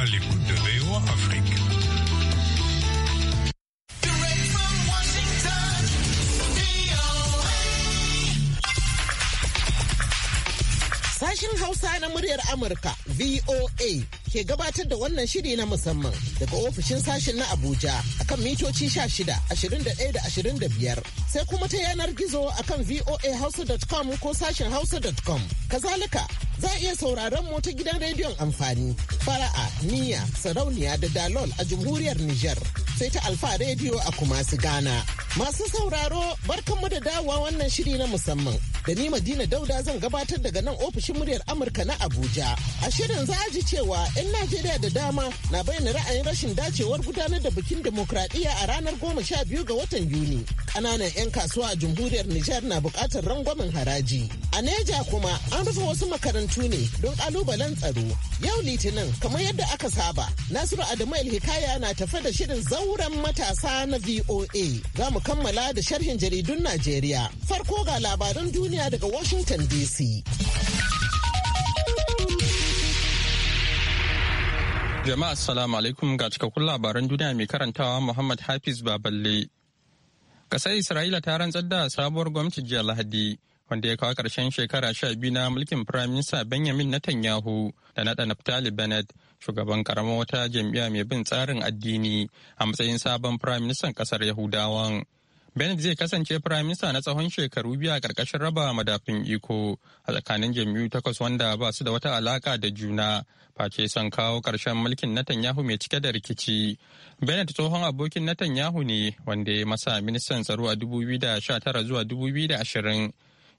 à l'écoute de VOA Afrique. Sashen Hausa na muryar Amurka, VOA. ke gabatar da wannan shiri na musamman daga ofishin sashen na Abuja akan mitoci sha shida ashirin da da da biyar, sai kuma ta yanar gizo akan voahouse.com ko sashen hausa.com. Kazalika za a iya sauraron mota gidan rediyon amfani fara'a, niyya, sarauniya da dalol a jamhuriyar Nijar. sai ta Alfa Radio a Kumasi Ghana. Masu sauraro barkanmu da dawowa wannan shiri na musamman. Da ni Madina Dauda zan gabatar daga nan ofishin muryar Amurka na Abuja. A shirin za a ji cewa 'yan Najeriya da dama na bayyana ra'ayin rashin dacewar gudanar da bikin demokradiyya a ranar goma sha biyu ga watan Yuni. Ƙananan 'yan kasuwa a jamhuriyar Nijar na bukatar rangwamen haraji. A Neja kuma an rufe wasu makarantu ne don kalubalen tsaro. Yau Litinin kamar yadda aka saba, Nasiru Adamu Hikaya na tafe da shirin zauren matasa na VOA. Za mu kammala da sharhin jaridun Najeriya. Farko ga labaran duniya daga Washington DC. Jama'a assalamu alaikum ga cikakkun labaran duniya mai karantawa Muhammad Hafiz Baballe. Kasar Isra'ila ta rantsar da sabuwar gwamnati jiya Lahadi wanda ya kawo ƙarshen shekara sha biyu na mulkin firaminista benjamin netanyahu da naɗa naftali benet shugaban karamar wata jam'iyya mai bin tsarin addini a matsayin sabon firaministan ƙasar yahudawan benet zai kasance firaminista na tsawon shekaru biyu a ƙarƙashin raba madafin iko a tsakanin jam'iyyu takwas wanda ba su da wata alaƙa da juna face son kawo ƙarshen mulkin netanyahu mai cike da rikici benet tsohon abokin netanyahu ne wanda ya masa ministan tsaro a tara zuwa ashirin.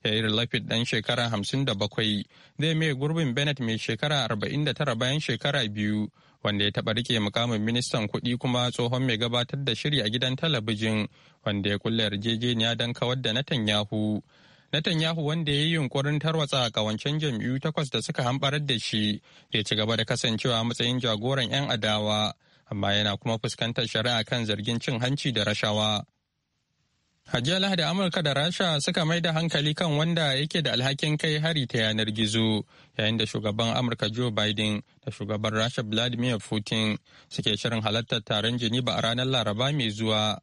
yair lafit dan shekara hamsin da bakwai zai mai gurbin bennett mai shekara tara bayan shekara biyu wanda ya taɓa rike mukamin ministan kuɗi kuma tsohon mai gabatar da shiri a gidan talabijin wanda ya kulle yarjejeniya don kawar da Netanyahu. Netanyahu wanda ya yi yunkurin tarwatsa kawancen jam'iyyu takwas da suka hambarar da shi ya ci gaba da kasancewa matsayin jagoran 'yan adawa amma yana kuma fuskantar shari'a kan zargin cin hanci da rashawa. Hajiya Lahadi Amurka da Rasha suka mai da hankali kan wanda yake da alhakin kai hari ta yanar gizo yayin da shugaban Amurka Joe Biden da shugaban Rasha Vladimir Putin suke shirin halartar taron Geneva a ranar Laraba mai zuwa.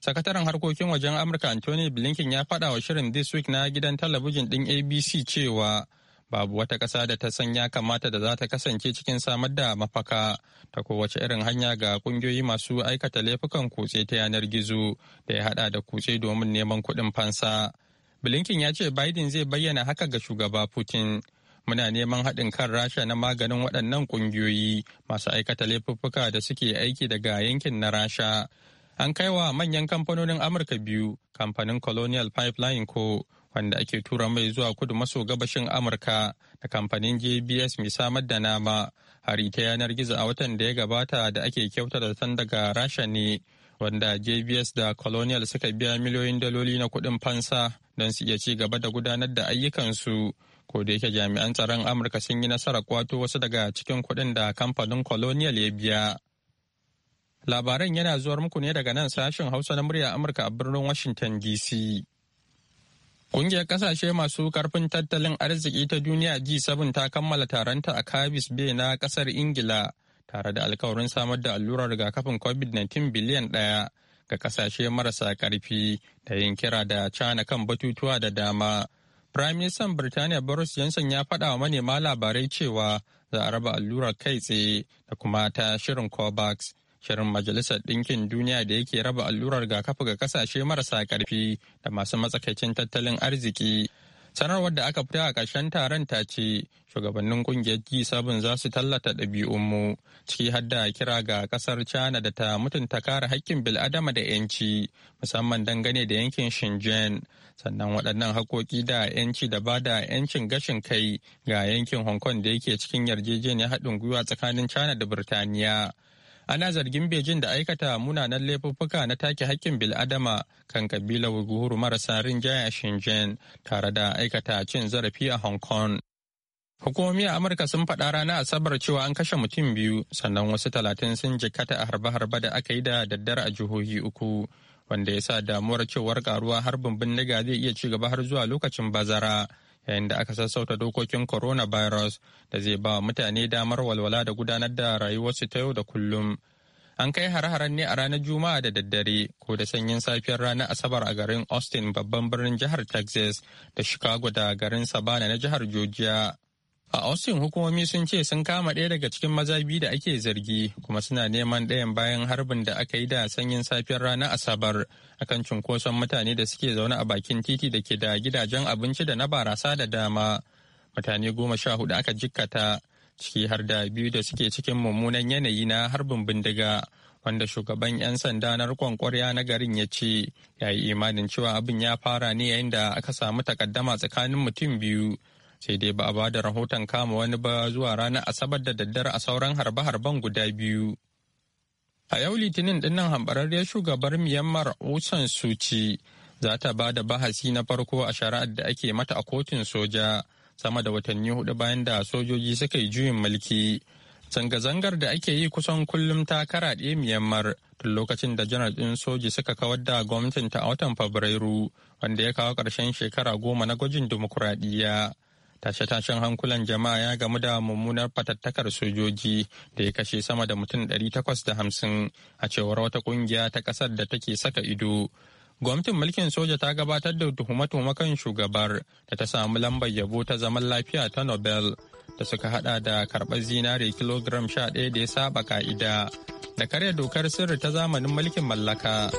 Sakataren harkokin wajen Amurka Anthony Blinken ya faɗa wa shirin This Week na gidan talabijin ɗin ABC cewa babu wata ƙasa da ta san ya kamata da za ta kasance cikin samar da mafaka ta kowace irin hanya ga ƙungiyoyi masu aikata laifukan kutse ta yanar gizo da ya hada da kutse domin neman kuɗin fansa. Blinken ya ce Biden zai bayyana haka ga shugaba Putin. Muna neman haɗin kan Rasha na maganin waɗannan ƙungiyoyi masu aikata laifuka da suke aiki daga yankin na Rasha. An kaiwa manyan kamfanonin Amurka biyu, kamfanin Colonial Pipeline ko wanda ake tura mai zuwa kudu maso gabashin amurka da kamfanin jbs mai samar da nama hari ta yanar gizo a watan da ya gabata da ake kyauta da san daga rasha ne wanda jbs da colonial suka biya miliyoyin daloli na kudin fansa don su iya ci gaba da gudanar da ayyukansu ko da yake jami'an tsaron amurka sun yi nasarar kwato wasu daga cikin kudin da kamfanin colonial ya biya labaran yana zuwar muku ne daga nan sashen hausa na murya amurka a birnin washington dc Ƙungiyar ƙasashe masu karfin tattalin arziki ta duniya G7 ta kammala taronta a Cabis Bay na ƙasar Ingila tare da alkawarin samar da allurar rigakafin COVID-19 biliyan ɗaya ga ƙasashe marasa karfi da yin kira da china kan batutuwa da dama. Prime Minister Birtaniya Boris Johnson ya faɗa wa manema labarai cewa za a raba allurar kai tsaye da kuma ta shirin COVAX shirin majalisar ɗinkin duniya da yake raba allurar rigakafi ga kasashe marasa karfi da masu matsakaicin tattalin arziki sanarwar da aka fita a ƙarshen taron ta ce shugabannin ƙungiyar g7 za su tallata ɗabi'unmu ciki har da kira ga ƙasar china da ta mutunta kare haƙƙin bil'adama da 'yanci musamman dangane da yankin shenzhen sannan waɗannan haƙoƙi da 'yanci da ba da 'yancin gashin kai ga yankin hong kong da yake cikin yarjejeniyar haɗin gwiwa tsakanin china da birtaniya ana zargin Beijing da aikata munanan laifuffuka na take hakkin bil'adama kan kabila Uighur marasa rinjaye a Shenzhen tare da aikata cin zarafi a Hong Kong. Hukumomi a Amurka sun faɗa ranar Asabar cewa an kashe mutum biyu sannan wasu talatin sun jikkata a harbe-harbe da aka yi da daddare a jihohi uku wanda ya sa damuwar cewar karuwa harbin bindiga zai iya ci gaba har zuwa lokacin bazara. yayin da aka sassauta dokokin coronavirus da zai ba mutane damar walwala da gudanar da rayuwarsu ta yau da kullum. An kai hare-haren ne a ranar Juma'a da daddare ko da sanyin safiyar ranar Asabar a garin Austin babban birnin jihar Texas da Chicago da garin savanna na jihar Georgia. A Austin hukumomi sun ce sun kama ɗaya daga cikin maza biyu da ake zargi kuma suna neman ɗayan bayan harbin da aka yi da sanyin safiyar rana Asabar akan cunkoson mutane da suke zaune a bakin titi da ke da gidajen abinci da na barasa da dama. Mutane goma sha hudu aka jikkata ciki har da biyu da suke cikin mummunan yanayi na harbin bindiga wanda shugaban 'yan sanda na rikon ƙwarya na garin ya ce ya yi imanin cewa abin ya fara ne yayin da aka samu takaddama tsakanin mutum biyu sai dai ba a ba da rahoton kama wani ba zuwa ranar asabar da daddare a sauran harbe-harben guda biyu a yau litinin dinnan hambararriyar shugabar myanmar usan suci za ta ba da bahasi na farko a shari'ar da ake mata a kotun soja sama da watanni hudu bayan da sojoji suka yi juyin mulki zanga-zangar da ake yi kusan kullum ta karaɗe myanmar tun lokacin da janar ɗin soji suka kawar da gwamnatinta a watan fabrairu wanda ya kawo ƙarshen shekara goma na gwajin dimokuraɗiyya tashe-tashen hankulan jama'a ya gamu da mummunar fatattakar sojoji da ya kashe sama da mutum ɗari takwas da hamsin a cewar wata ƙungiya ta ƙasar da take saka ido. Gwamnatin mulkin soja ta gabatar da tuhume-tuhume kan shugabar da ta samu lambar yabo ta zaman lafiya ta Nobel da suka hada da karɓar zinare kilogram ɗaya da ya saba ka'ida da karya dokar sirri ta zamanin mulkin mallaka.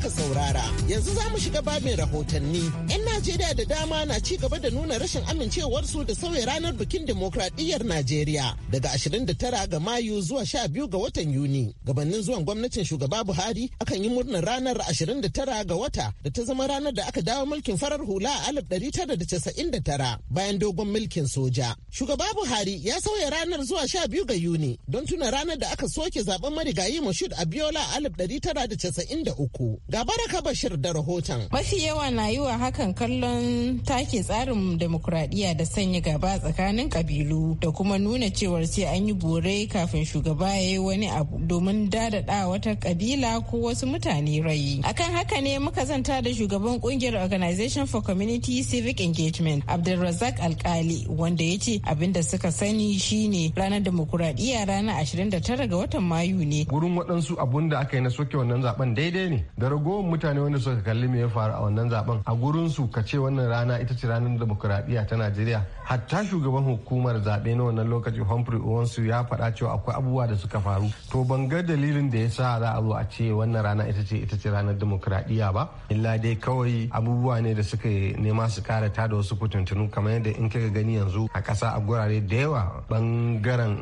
aka saurara. Yanzu za mu shiga babin rahotanni. najeriya da dama na ci gaba da nuna rashin amincewarsu da sauya ranar bikin demokradiyyar najeriya daga 29 ga mayu zuwa 12 ga watan yuni gabanin zuwan gwamnatin shugaba buhari akan yi murnar ranar 29 ga wata da ta zama ranar da aka dawo mulkin farar hula a 1999 bayan dogon mulkin soja shugaba buhari ya sauya ranar zuwa 12 ga yuni don tuna ranar da aka soke zaben marigayi mashud abiola a 1993 ga baraka bashir da rahoton mafi yawa na yi wa hakan kallon take tsarin demokuraɗiyya da sanya gaba tsakanin kabilu da kuma nuna cewar sai an yi bore kafin shugaba ya yi wani abu domin dadada wata kabila ko wasu mutane rai. Akan haka ne muka zanta da shugaban kungiyar Organization for Community Civic Engagement Abdulrazak Alkali wanda ya ce abin da suka sani shine ranar demokuraɗiyya ranar 29 ga watan Mayu ne. Gurin waɗansu abun da aka yi na soke wannan zaben daidai ne. Da ragowar mutane wanda suka kalli me ya faru a wannan zaben a gurin su ka ce wannan rana ita ce ranar demokuraɗiyya ta najeriya hatta shugaban hukumar zaɓe na wannan lokaci humphrey owensu ya faɗa cewa akwai abubuwa da suka faru to ban ga dalilin da ya sa za a zo a ce wannan rana ita ce ita ce ranar demokuraɗiyya ba illa dai kawai abubuwa ne da suka nema su kara ta da wasu kutuntunu kamar yadda in kika gani yanzu a ƙasa a gurare da yawa bangaren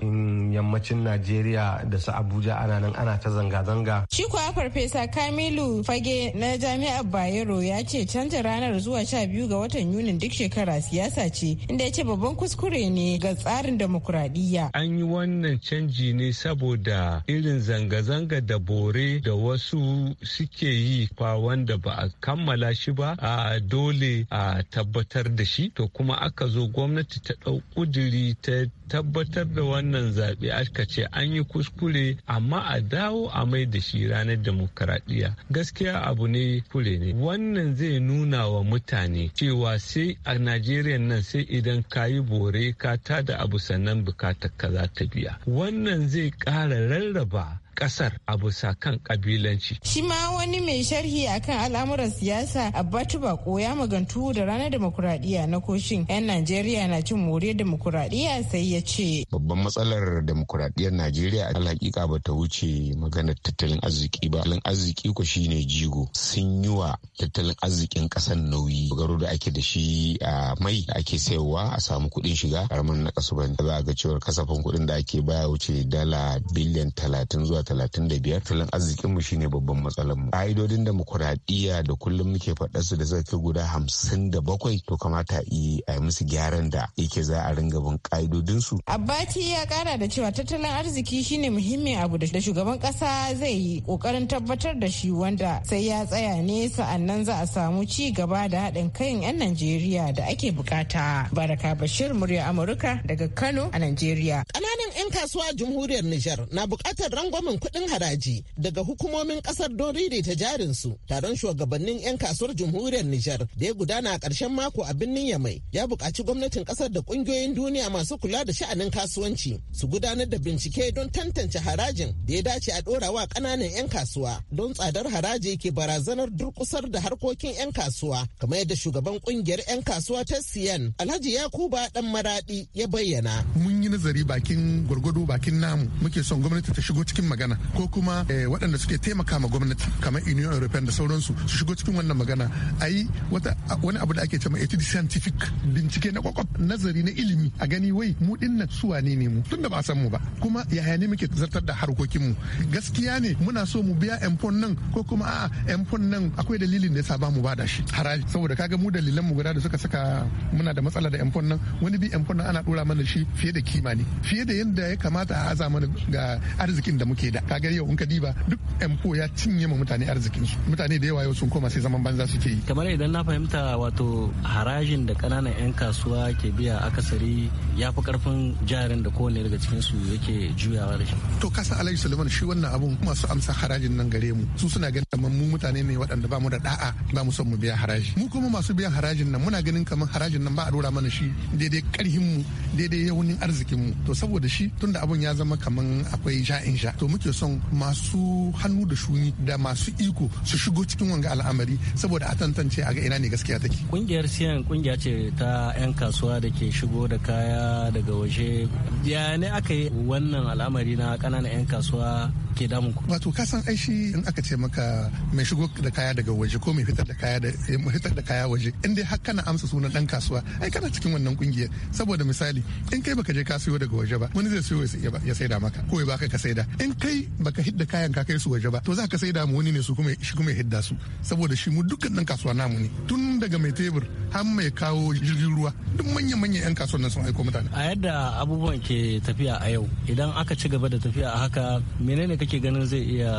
yammacin najeriya da su abuja ana nan ana ta zanga-zanga. shi kuwa farfesa kamilu fage na jami'ar bayero ya ce canza ranar zuwa sha biyu ga watan Yunin duk shekara siyasa ce inda ya ce babban kuskure ne ga tsarin demokuraɗiyya. An yi wannan canji ne saboda irin zanga-zanga da bore da wasu suke yi fa wanda ba a kammala shi ba a dole a tabbatar da shi to kuma aka zo gwamnati ta ɗau ƙuduri ta tabbatar da wannan zaɓe aka ce an yi kuskure amma a dawo a mai da shi ranar demokaradiyya gaskiya abu ne kure ne wannan zai nuna wa mutane cewa sai a najeriya nan sai idan ka yi bore ka tada abu sannan bukatar ka za ta biya wannan zai ƙara rarraba kasar a bisa kan kabilanci. Shi ma wani mai sharhi akan al'amuran siyasa Abbatu Bako ya magantu da ranar demokuraɗiyya na koshin 'yan Najeriya na cin moriyar demokuraɗiyya sai ya ce. Babban matsalar demokuraɗiyyar Najeriya a hakika ba ta wuce maganar tattalin arziki ba. Tattalin arziki ko shine jigo sun yi wa tattalin arzikin ƙasar nauyi. Garo da ake da shi a mai da ake sayarwa a samu kuɗin shiga karamin na kasuwanci. ba. Za ga cewar kasafin kuɗin da ake baya wuce dala biliyan talatin zuwa talatin da biyar arzikinmu shine babban matsalar ƙa'idodin ka'idodin da kullum muke faɗa su da zai kai guda hamsin da bakwai to kamata a yi musu gyaran da yake za a ringa bin ƙa'idodinsu. abbati ya kara da cewa tattalin arziki shine muhimmin abu da shugaban ƙasa zai yi kokarin tabbatar da shi wanda sai ya tsaya ne sa'annan za a samu ci gaba da haɗin kan 'yan najeriya da ake bukata baraka bashir murya amurka daga kano a najeriya ƙananan 'yan kasuwa jamhuriyar nijar na bukatar rangwamen kuɗin haraji daga hukumomin ƙasar don jarin jarinsu. Taron shugabannin 'yan kasuwar jamhuriyar Nijar da ya gudana a ƙarshen mako a birnin Yamai ya buƙaci gwamnatin ƙasar da ƙungiyoyin duniya masu kula da sha'anin kasuwanci su gudanar da bincike don tantance harajin da ya dace a ɗora wa ƙananan 'yan kasuwa don tsadar haraji ke barazanar durƙusar da harkokin 'yan kasuwa kamar yadda shugaban ƙungiyar 'yan kasuwa ta siyan Alhaji Yakuba Dan Maradi ya bayyana. Mun yi nazari bakin gwargwado bakin namu muke son gwamnati ta shigo cikin magana magana ko kuma eh, waɗanda suke taimaka ma gwamnati kamar union european da sauransu su shigo cikin wannan magana a yi wani abu da ake cewa etude scientific bincike na kwakwaf nazari na ilimi a gani wai mu dinna su wane ne mu tunda ba san mu ba kuma yaya ne muke zartar da harkokin mu gaskiya ne muna so mu biya empon nan ko kuma a empon nan akwai dalilin da yasa ba mu bada shi haraji saboda kaga mu dalilan mu guda da suka saka muna da matsala da empon nan wani bi empon nan ana dora mana shi fiye da kima ne fiye da yadda ya kamata a aza mana ga arzikin da muke ke da kagar yau in ka diba duk empo ya cinye ma mutane arzikin su mutane da yawa yau sun koma sai zaman banza suke yi kamar idan na fahimta wato harajin da kananan yan kasuwa ke biya akasari ya fi karfin jarin da kowane daga cikin su yake juyawa da shi to kasa alayhi suleiman shi wannan abun masu amsa harajin nan gare mu su suna ganin kamar mu mutane ne waɗanda ba mu da da'a ba mu son mu biya haraji mu kuma masu biyan harajin nan muna ganin kamar harajin nan ba a dora mana shi daidai karhin mu daidai yawunin arzikin mu to saboda shi tunda abun ya zama kamar akwai sha'in sha to muke son masu hannu da shuni da masu iko su shigo cikin wanga al'amari saboda a tantance a ga ina ne gaskiya take kungiyar siyan kungiya ce ta 'yan kasuwa da ke shigo da kaya daga waje ya ne aka yi wannan al'amari na kananan 'yan kasuwa ke damun ku wato ka san aishi in aka ce maka mai shigo da kaya daga waje ko mai fitar da kaya da fitar da kaya waje in dai har kana amsa sunan dan kasuwa ai kana cikin wannan kungiyar saboda misali in kai baka je ka siyo daga waje ba wani zai siyo ya saida maka ko ya baka ka saida in kai baka hidda kayan ka kai su waje ba to za ka sai da mu wani ne su kuma shi kuma hidda su saboda shi mu dukkan dan kasuwa namu ne tun daga mai tebur har mai kawo jirgin ruwa duk manyan manyan yan kasuwan nan sun aiko mutane a yadda abubuwan ke tafiya a yau idan aka ci gaba da tafiya a haka menene kake ganin zai iya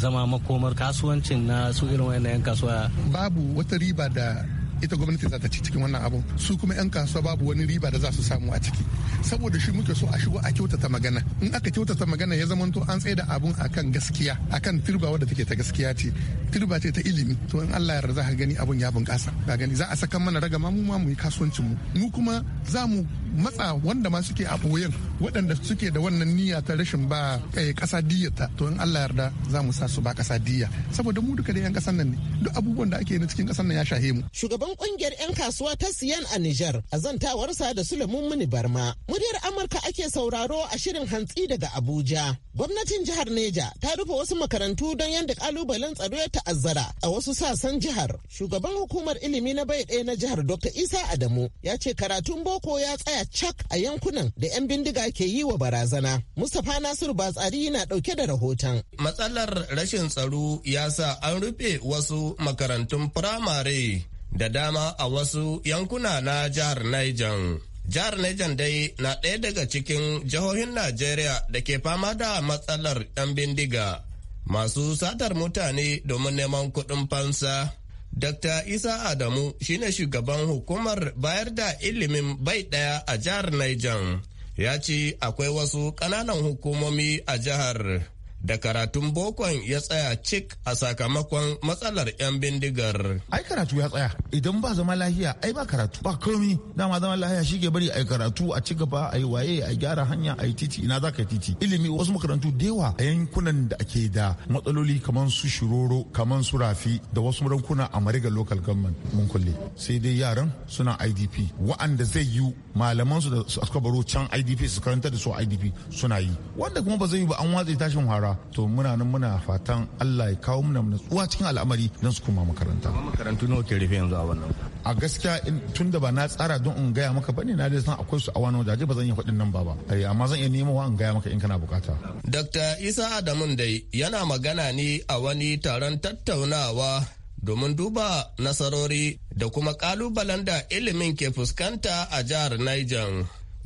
zama makomar kasuwancin na su irin wayannan yan kasuwa babu wata riba da ita gwamnati za ta ci cikin wannan abu su kuma 'yan kasuwa babu wani riba da za su samu a ciki saboda shi muke so a shigo a kyautata magana in aka kyautata magana ya zama to an tsaye da abun akan gaskiya akan turba wadda take ta gaskiya ce turba ce ta ilimi to in Allah yarda za ka gani abun ya bunƙasa ga gani za a saka mana ragama mu ma mu yi kasuwancin mu mu kuma za mu matsa wanda ma suke a boyen waɗanda suke da wannan niyya ta rashin ba eh, ƙasa diyyata to in Allah yarda za mu sa su ba ƙasa diyya saboda mu duka da 'yan ƙasar nan ne duk abubuwan da ake na cikin ƙasar nan ya shahe mu shugaban shugaban kungiyar 'yan kasuwa ta siyan a Nijar a zantawarsa da Sulemin Muni Barma. Muryar Amurka ake sauraro a shirin hantsi daga Abuja. Gwamnatin jihar Neja ta rufe wasu makarantu don yadda kalubalen tsaro ya ta'azzara a wasu sassan jihar. Shugaban hukumar ilimi na bai ɗaya na jihar Dr. Isa Adamu ya ce karatun boko ya tsaya cak a yankunan da 'yan bindiga ke yi wa barazana. Mustapha Nasiru Batsari na ɗauke da rahoton. Matsalar rashin tsaro ya sa an rufe wasu makarantun firamare da dama a wasu yankuna na jihar Niger. Jihar Niger dai na ɗaya daga cikin jihohin Najeriya da ke fama da matsalar 'yan bindiga masu satar mutane domin neman kuɗin fansa. Dr. Isa Adamu shine shugaban hukumar bayar da ilimin bai ɗaya a jihar Niger. Ya ce akwai wasu ƙananan hukumomi a jihar. da karatun bokon ya tsaya cik a sakamakon matsalar 'yan bindigar. Ai karatu ya tsaya idan ba zama lahiya ai ba karatu ba komi dama zama lahiya shi ke bari ai karatu a ci gaba ai waye a gyara hanya ai titi ina za ka titi ilimi wasu makarantu da yawa a yankunan da ake da matsaloli kamar su shiroro kamar su rafi da wasu rankuna a mariga local government mun kulle sai dai yaran suna idp wa'anda zai yi malaman su da suka baro can idp su karanta da su idp suna yi wanda kuma ba zai yi ba an watsa tashin hara to muna nan muna fatan Allah ya kawo muna nutsuwa cikin al'amari don su koma makaranta makarantu nawa ke rufe yanzu a wannan a gaskiya tun da ba na tsara don in gaya maka bane na dai san akwai su a wani waje ba zan yi faɗin nan ba ba eh, amma zan iya wa in gaya maka in kana bukata Dr. Isa Adamun dai yana magana ne a wani taron tattaunawa domin duba nasarori da kuma kalubalen da ilimin ke fuskanta a jihar Niger.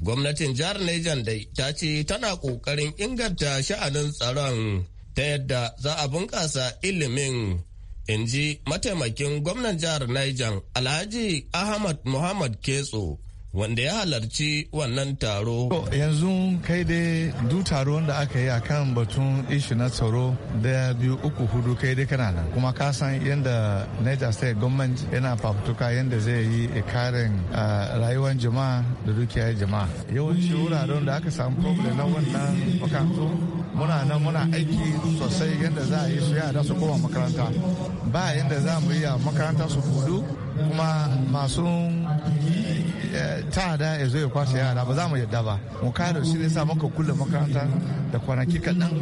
Gwamnatin jihar Niger dai ta ce tana ƙoƙarin inganta sha'anin tsaron ta yadda za a bunƙasa ilimin in ji mataimakin gwamnan jihar Niger Alhaji Ahmad Muhammad Ketso wanda ya halarci wannan taro. yanzu kai dai du taro wanda aka yi a kan batun ishi na tsaro daya biyu uku hudu kai dai kana nan kuma ka san yadda niger state government yana fafutuka yadda zai yi karin rayuwar jama'a da dukiyar jama'a yawanci wuraren da aka samu problem na wannan makarantu muna nan muna aiki sosai yadda za a yi su yada su koma makaranta ba yadda za mu yi a makaranta su hudu kuma masu ta'ada ya zo ya kwashe yara ba za mu yadda ba mu kare shi ne sa maka kulle makaranta da kwanaki kaɗan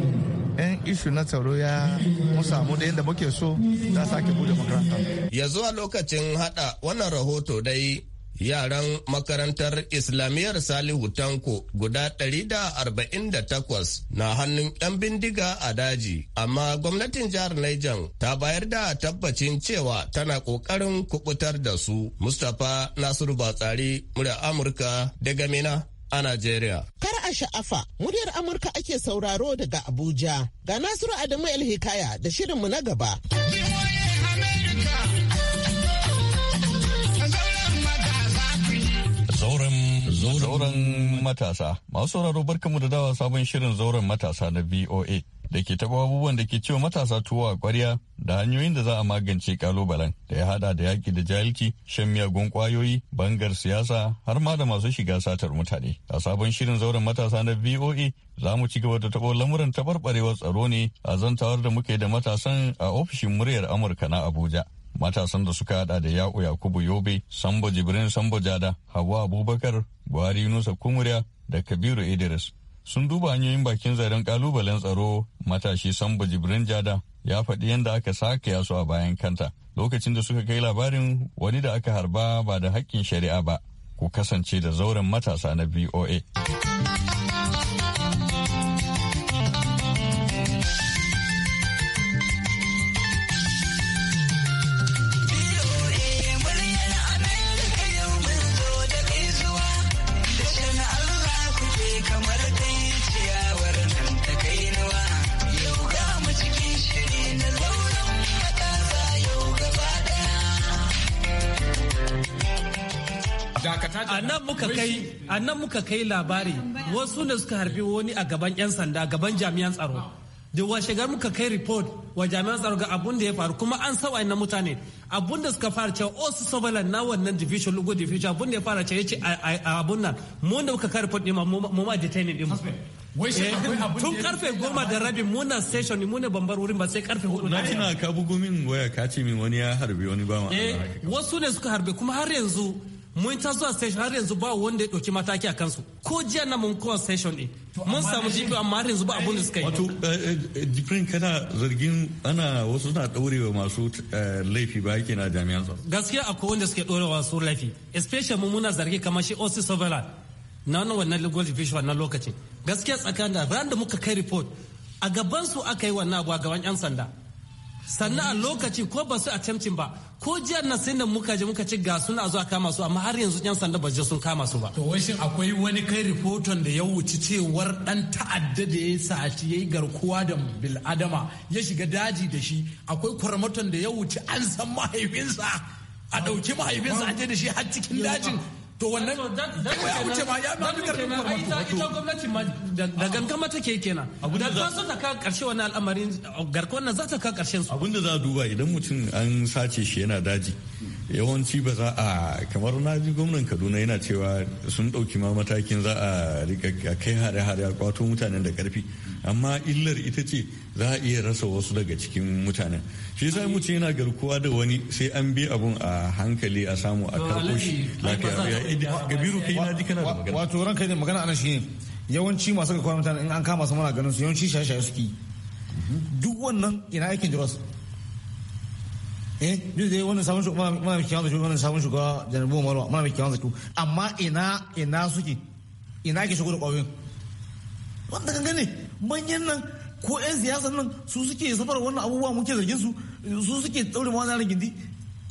yan ishu na tsaro ya mu samu da yadda muke so za sake bude makaranta. ya zuwa lokacin hada wannan rahoto dai yaran makarantar islamiyyar salihu tanko guda 148 na hannun 'yan bindiga a daji amma gwamnatin jihar Niger ta bayar da tabbacin cewa tana kokarin kubutar da su mustapha nasiru batsari murya amurka daga mina a Najeriya. Kar a sha'afa, muryar Amurka ake sauraro daga Abuja. Ga Nasiru Adamu El Hikaya da shirinmu na gaba. Zauren matasa. Masu sauraro barkamu da dawa sabon shirin zauren matasa na VOA da ke taɓa abubuwan da ke cewa matasa tuwo a kwarya da hanyoyin da za a magance kalubalen da ya hada da yaƙi da jahilci, shan miyagun ƙwayoyi, bangar siyasa har ma da masu shiga satar mutane. A sabon shirin zauren matasa na VOA za mu ci gaba da taɓo lamuran taɓarɓarewar tsaro ne a zantawar da muke da matasan a ofishin muryar Amurka na Abuja. matasan da suka hada da ya'u yakubu yobe sambo jibrin sambo jada hawa abubakar buhari yunusa kumuriya da kabiru idris sun duba hanyoyin bakin zaren kalubalen tsaro matashi sambo jibrin jada ya faɗi yadda aka sake yasu a bayan kanta lokacin da suka kai labarin wani da aka harba ba da haƙƙin shari'a ba ku kasance da zauren matasa na voa a nan muka kai nan muka kai labari wasu ne suka harbi wani a gaban yan sanda gaban jami'an tsaro da washegar muka kai report wa jami'an tsaro ga abun da ya faru kuma an sawa na mutane abun da suka fara cewa osu oh, surveillance na wannan division lugu division abun da ya fara cewa ce a abun nan mu da muka kai report ne mu ma detaining din eh, tun karfe goma da rabin muna station mu ne bambar wurin ba sai karfe hudu na tuna ka bugu min waya ka ce min wani ya harbi wani ba ma eh, wasu ne suka harbe kuma har yanzu mun ta zuwa session har yanzu ba wanda ya ɗauki mataki a kansu ko jiya na mun kowa session ɗin mun samu jibi amma har yanzu ba abun da suka yi wato eh, eh, eh, jibrin kana zargin ana wasu suna ɗaurewa masu laifi ba yake na jami'an tsaro gaskiya akwai wanda suke ɗorewa su laifi especially mun muna zargi kamar shi osi sovela na wannan wannan legal division wannan lokacin gaskiya tsakanin da ran da muka kai report a gaban su aka yi wannan abu a gaban yan sanda sannan a lokaci ko ba su a camcin ba ko jiyar na sai da muka je muka ci ga suna zuwa kama su amma har yanzu yan sanda ba je sun kama su ba to wai shin akwai wani kai rahoton da ya wuce cewar dan ta'adda da ya saci yayi garkuwa da bil adama ya shiga daji da shi akwai kwarmaton da ya wuce an san mahaifinsa a ɗauki mahaifinsa a je da shi har cikin dajin to wannan da ya wuce ma ya ma fi karfin kwarmato ita gwamnati da gangama take kenan da ta su ta kawo karshe wannan al'amarin garkon nan za ta kawo karshen su abinda za a duba idan mutum an sace shi yana daji yawanci ba za a kamar na ji gwamnan kaduna yana cewa sun ɗauki ma matakin za a rika kai hare-hare a kwato mutanen da karfi amma illar ita ce za a iya rasa wasu daga cikin mutanen shi yasa mutum yana garkuwa da wani sai an bi abun a hankali a samu a karko shi lafiya gabiru kai na ji kana da magana wato ranka ne magana anan ne yawanci masu ga kwana mutanen in an kama su muna ganin su yawanci shaye-shaye suke duk wannan ina aikin jiros eh duk dai wannan sabon shugaba muna mai kyawun shugaba wannan sabon shugaba janar buwa marwa muna mai kyawun zato amma ina ina suke ina ke shigo da ƙwayoyin wanda kan gane manyan nan ko 'yan siyasan nan su suke safar wannan abubuwa muke zargin su su suke tsaure ma wannan gindi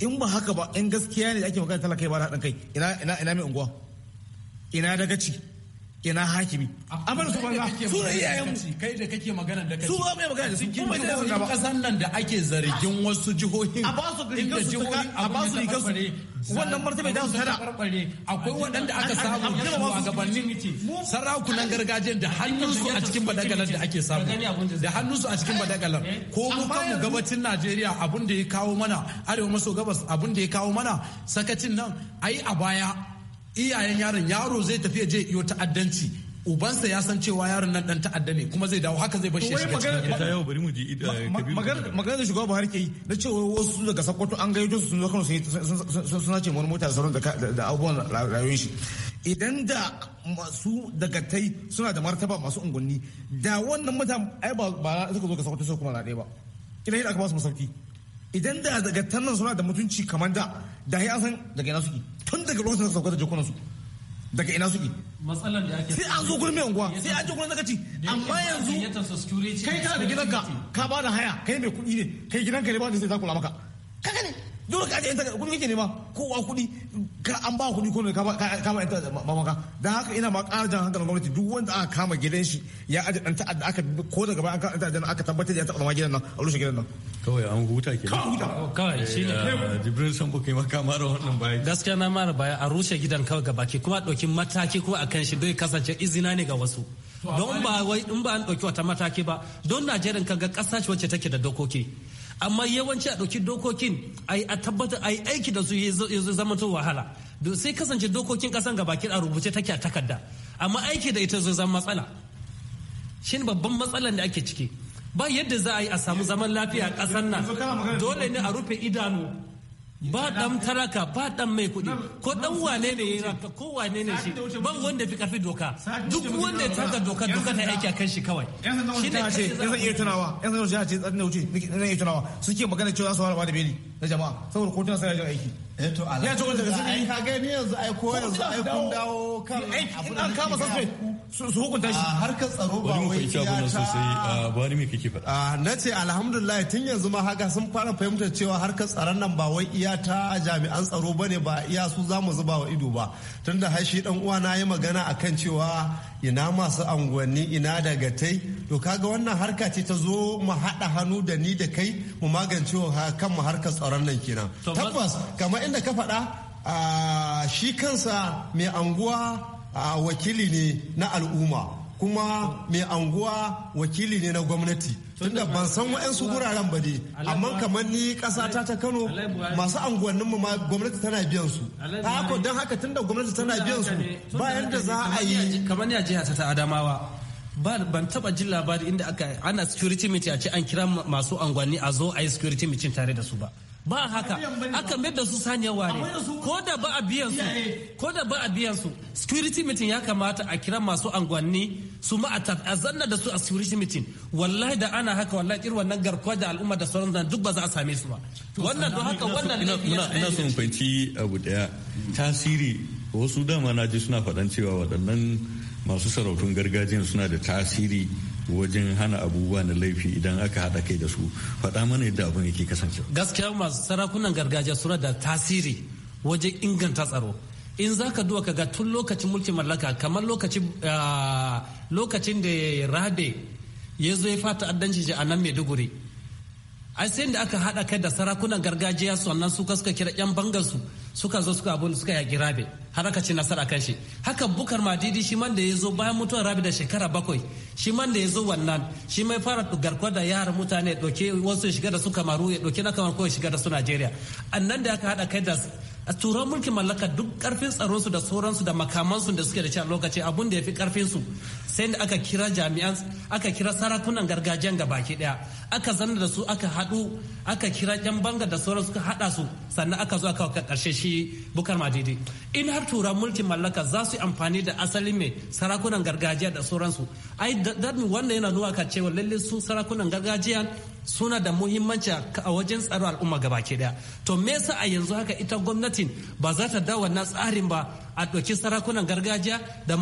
in ba haka ba in gaskiya ne da ake magana talaka ba da haɗin kai ina ina ina mai unguwa ina dagaci kenan hakimi amana su banza su ne iyayen kai da kake magana da kake su ba mai magana da su kuma da su kasan nan da ake zargin wasu jihohin a ba su rigar su a ba su rigar su wannan martaba da su tada akwai waɗanda aka samu a gabanin sarakunan gargajiyar da hannunsu a cikin badagalar da ake samu da hannunsu a cikin eh? badagalar eh? ko mu kanmu gabacin Najeriya abin da ya kawo mana arewa maso gabas abin da ya kawo mana sakacin nan ai a baya iyayen yaron yaro zai tafi je iyo ta'addanci ubansa ya san cewa yaron nan dan ta'adda ne kuma zai dawo haka zai bashi shi shiga cikin yau bari mu ji eh, magana da shugaba Buhari ke yi na cewa wasu daga Sakkwato an gayyato su sun zo Kano sun suna ce wani mota zaron da abubuwan rayuwar shi idan da masu dagatai suna da martaba masu unguwanni da wannan mutane ai ba ka zo ka Sokoto su kuma na ɗaya ba yadda aka ba su masauki idan da daga tannan suna da mutunci kamar da da ya san daga ina suke tun daga lokacin da sauka da jokunan su daga ina suke matsalan da ake sai an zo gurin mai unguwa sai an je gurin zakaci amma yanzu kai ta da gidanka ka ba da haya kai mai kuɗi ne kai gidanka ne ba da sai za ku maka kaka ne dole ka ajiye internet kuɗi kake nema ko kowa kudi ka an ba kudi ko ne ka ba internet mamaka don haka ina ma kara jan hankalin gwamnati duk wanda aka kama gidan shi ya aje dan ta'adda aka ko daga baya aka ta'adda aka tabbatar da ya taɓa gidan nan a rushe gidan nan kawai an huta ke oh, kawai shi ne eh, jibrin san ku kai maka mara wannan bayan gaskiya na mara baya a rushe gidan kawai gaba ke kuma ɗauki mataki kuma akan shi dai kasance izina ne ga wasu don ba wai in ba an ɗauki wata mataki ba don najeriya kaga ƙasa ce wacce take da dokoki amma yawanci a ɗauki dokokin a tabbatar a yi aiki da su ya zama to wahala sai kasance dokokin ƙasan bakin a rubuce take a takarda amma aiki da ita zai zama matsala shi babban matsalan da ake ciki ba yadda za a yi a samu zaman lafiya a ƙasan nan dole ne a rufe idanu ba dan taraka ba dan mai kuɗi ko dan wane ne yayi raka ko wane ne shi ba wanda fi karfi doka duk wanda ya taka doka doka ta aiki akan shi kawai shi ne ce ya san iya tunawa yan san ce tsarin wuce yan iya tunawa suke magana cewa su harba da beli na jama'a saboda kotun sai ya aiki eh to ya ce wanda ga sun yi ka ga yanzu ai ko yanzu ai kun dawo kan abu da kama suspect su hukunta shi harkar tsaro ba wai ya ta bari me faɗa na ce alhamdulillah tun yanzu ma sun fara fahimtar cewa harkar tsaron nan ba wai iya ta jami'an tsaro bane ba iya su zamu zuba wa ido ba tunda har shi dan uwa na yi magana akan cewa ina masu unguwanni ina daga tai. to kaga wannan harka ce ta zo mu haɗa hannu da ni da kai mu magance kan mu harkar tsaron nan kenan tabbas kamar inda ka faɗa shi kansa mai anguwa wakili ne na al'umma kuma mai anguwa wakili ne na gwamnati tunda ban san wa'yansu wuraren ba ne amma kamar ni kasa ta ta kano masu anguwanninmu ma gwamnati tana biyan su haka don haka tunda gwamnati tana biyan su ba yadda za a yi kamar ni a jiha ta adamawa ba ban taba jin labari inda aka ana security meeting a ce an kira masu anguwanni a zo a yi security meeting tare da su ba ba haka aka mai da su sanya ware ko da ba a biyan su ko da ba a biyan su security meeting ya kamata a kira masu angwanni su ma a zanna da su a security meeting wallahi da ana haka wallahi irin wannan garkuwa da al'umma da sauran zan duk ba za a same su ba wannan don haka wannan ina son fahimci abu daya tasiri wasu dama na ji suna faɗan cewa waɗannan masu sarautun gargajiyan suna da tasiri wajen hana abubuwa na laifi idan aka hada kai da su faɗa mana yadda abin yake kasance gaskiya masu sarakunan gargajiya suna da tasiri wajen inganta tsaro in za ka duwa ga tun lokacin mulkin mallaka kamar ah, lokacin da rabe ya zo ya fata addanci a nan maiduguri ai sai da aka haɗa kai da sarakunan gargajiya sannan su suka kira yan bangarsu. suka zo suka abun suka yaki rabe har aka ci nasara kan shi haka bukar madidi shi man da ya zo bayan mutuwar rabe da shekara bakwai shi man da ya zo wannan shi mai fara garkuwa da yaran mutane ɗauke wasu ya shiga da su kamaru ya ɗauke na kamar ko shiga da su najeriya annan da aka haɗa kai da a turan mulkin mallaka duk karfin tsaron su da sauransu da makamansu da suke da ci a lokaci abun da ya fi karfin su sai da aka kira jami'an aka kira sarakunan gargajiyan ga baki daya aka zanna da su aka haɗu aka kira yan banga da sauran suka haɗa su sannan aka zo aka karshe shi bukar madidi in har tura mulkin mallaka za su amfani da asali mai sarakunan gargajiya da sauransu ai dadin wannan yana nuna ka cewa lalle su sarakunan gargajiya suna da muhimmanci a wajen tsaro al'umma gabaki daya to me yasa a yanzu haka ita gwamnatin ba za ta da wannan tsarin ba a ɗauki sarakunan gargajiya da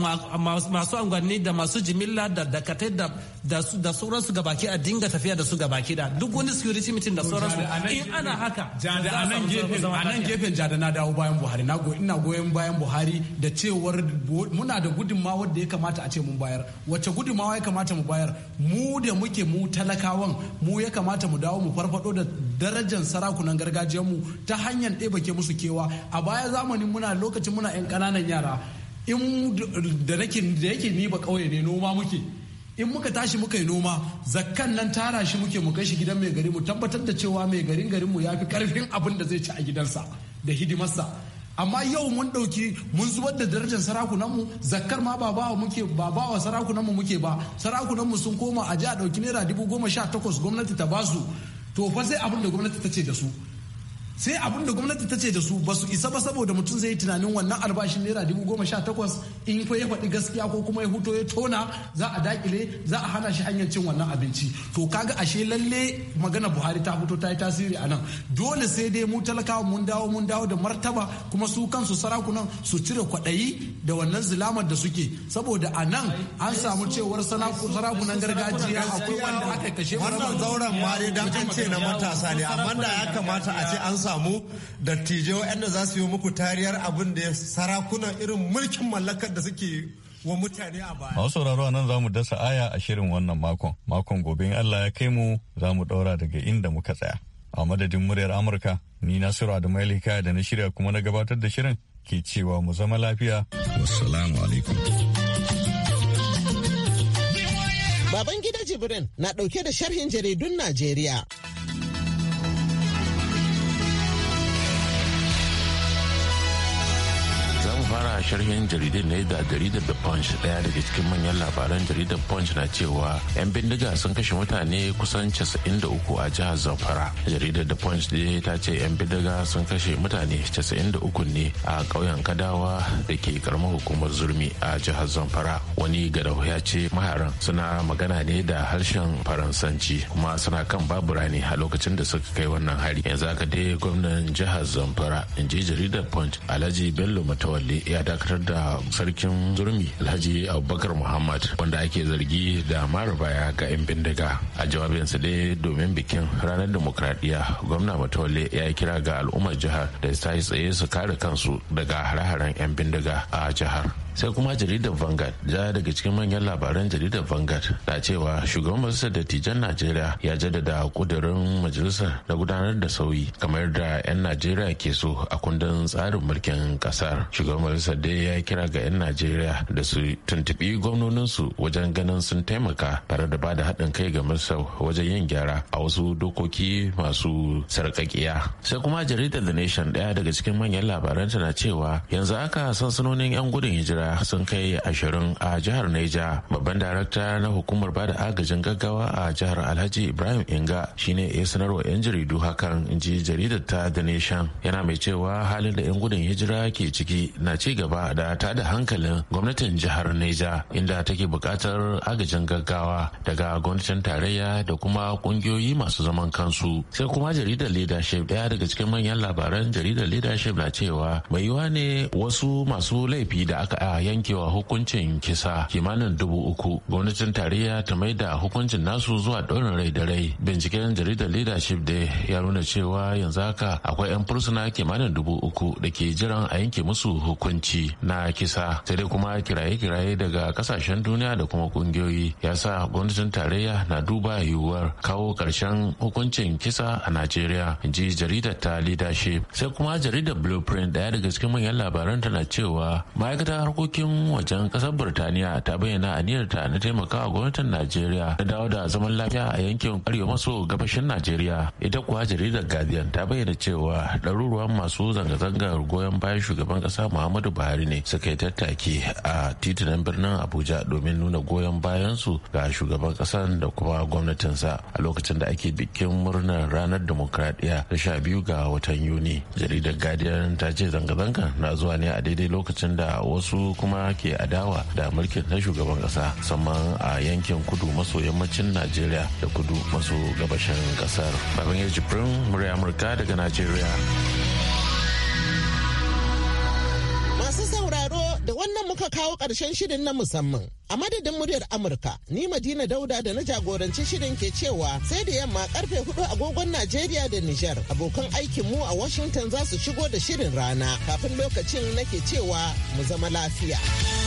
masu angwanni da masu jimilla da dakatai da sauransu ga baki a dinga tafiya da su ga baki da duk wani security meeting da sauransu in ana haka a nan gefen jada na dawo bayan buhari na ina goyon bayan buhari da cewar muna da gudunmawa da ya kamata a ce mun bayar wacce gudunmawa ya kamata mu bayar mu da muke mu talakawan mu ya kamata mu dawo mu farfado darajar sarakunan gargajiyarmu ta hanyar ɗebake musu kewa a baya zamanin muna lokacin muna 'yan ƙananan yara in da nake da yake ni ba ƙauye ne noma muke in muka tashi muka yi noma zakkan nan tara shi muke mu kai shi gidan mai gari mu tabbatar da cewa mai garin garin mu yafi karfin abin da zai ci a gidansa da hidimarsa amma yau mun ɗauki mun zubar da darajar mu zakkar ma ba bawa muke ba bawa sarakunanmu muke ba sarakunan mu sun koma a jiya dauki naira dubu goma sha takwas gwamnati ta basu to fa sai abin da gwamnati ta ce da su sai abin da gwamnati ta ce da su ba su isa ba saboda mutum zai yi tunanin wannan albashin naira dubu goma sha takwas in kuwa ya faɗi gaskiya ko kuma ya huto ya tona za a dakile za a hana shi hanyar cin wannan abinci to kaga ashe lalle magana buhari ta fito ta yi tasiri a nan dole sai dai mu talakawa mun dawo mun dawo da martaba kuma su kansu sarakunan su cire kwaɗayi da wannan zilamar da suke saboda a nan an samu cewar sarakunan gargajiya akwai wanda aka kashe wannan zauren ma dai dan an ce na matasa ne amma da ya kamata a ce an samu dattijai waɗanda za su yi muku tariyar abin da ya sarakuna irin mulkin mallakar da suke wa mutane a baya. Masu sauraro nan za mu dasa aya a shirin wannan makon. Makon gobe in Allah ya kai mu za mu ɗaura daga inda muka tsaya. A madadin muryar Amurka, ni Nasiru da Elika da na shirya kuma na gabatar da shirin ke cewa mu zama lafiya. Wassalamu alaikum. Baban gida Jibrin na ɗauke da sharhin jaridun Najeriya. sharhin jaridar ne da jaridar The Punch daya daga cikin manyan labaran jaridar Punch na cewa 'yan bindiga sun kashe mutane kusan 93 a jihar Zamfara. Jaridar The Punch ne ta ce 'yan bindiga sun kashe mutane 93 ne a ƙauyen Kadawa da ke karamar hukumar Zurmi a jihar Zamfara. Wani gada ya ce maharan suna magana ne da harshen Faransanci kuma suna kan babura ne a lokacin da suka kai wannan hari. Yanzu haka dai gwamnan jihar Zamfara in ji jaridar Punch Alhaji Bello Matawalle ya dakatar da sarkin zurmi alhaji abubakar muhammad wanda ake zargi da mara baya ga 'yan bindiga a jawabinsa dai domin bikin ranar demokradiyya gwamna matawalle ya kira ga al'ummar jihar da ta yi tsaye su kare kansu daga hare-haren 'yan bindiga a jihar sai kuma jaridar vangard ja daga cikin manyan labaran jaridar vangard na cewa shugaban majalisar dattijan najeriya ya jaddada kudirin majalisar na gudanar da sauyi kamar da 'yan najeriya ke so a kundin tsarin mulkin kasar shugaban majalisar dai ya kira ga 'yan najeriya da su tuntubi gwamnoninsu wajen ganin sun taimaka tare da bada haɗin kai ga majalisar wajen yin gyara a wasu dokoki masu sarƙaƙiya sai kuma jaridar the nation ɗaya daga cikin manyan labaran na cewa yanzu aka sansanonin 'yan gudun hijira sun kai ashirin a jihar Neja. Babban darakta na hukumar bada agajin gaggawa a jihar Alhaji Ibrahim Inga shine ya sanarwa 'yan jaridu hakan in ji jaridar ta The Nation. Yana mai cewa halin da 'yan gudun hijira ke ciki na ci gaba da ta da hankalin gwamnatin jihar Neja inda take buƙatar agajin gaggawa daga gwamnatin tarayya da kuma ƙungiyoyi masu zaman kansu. Sai kuma jaridar Leadership ɗaya daga cikin manyan labaran jaridar Leadership na cewa mai yiwa ne wasu masu laifi da aka a yankewa hukuncin kisa kimanin dubu uku gwamnatin tarayya ta mai da hukuncin nasu zuwa ɗorin rai da rai binciken jaridar leadership da ya nuna cewa yanzu haka akwai 'yan fursuna kimanin dubu uku da ke jiran a yanke musu hukunci na kisa sai dai kuma kiraye-kiraye daga kasashen duniya da kuma kungiyoyi ya sa gwamnatin tarayya na duba yiwuwar kawo ƙarshen hukuncin kisa a najeriya in ji jaridar ta leadership sai kuma jaridar blueprint ɗaya daga cikin manyan labaran tana cewa ma'aikatar harkokin dokokin wajen kasar birtaniya ta bayyana aniyarta na taimakawa gwamnatin najeriya da dawo da zaman lafiya a yankin arewa maso gabashin najeriya ita kuwa jaridar guardian ta bayyana cewa ɗaruruwan masu zanga-zangar goyon bayan shugaban kasa muhammadu buhari ne suka yi tattaki a titunan birnin abuja domin nuna goyon bayansu ga shugaban ƙasar da kuma gwamnatinsa a lokacin da ake bikin murnar ranar demokradiyya ta sha biyu ga watan yuni jaridar guardian ta ce zanga-zangar na zuwa ne a daidai lokacin da wasu kuma ke adawa da mulkin na shugaban kasa musamman a yankin kudu maso yammacin najeriya da kudu maso gabashin kasar babban yajibirin murya amurka daga najeriya karshen shirin na musamman. A madadin muryar Amurka, ni Madina Dauda da na jagoranci shirin ke cewa sai da yamma karfe hudu agogon Najeriya da Nijar abokan aikin mu a Washington za su shigo da shirin rana kafin lokacin nake cewa mu zama lafiya.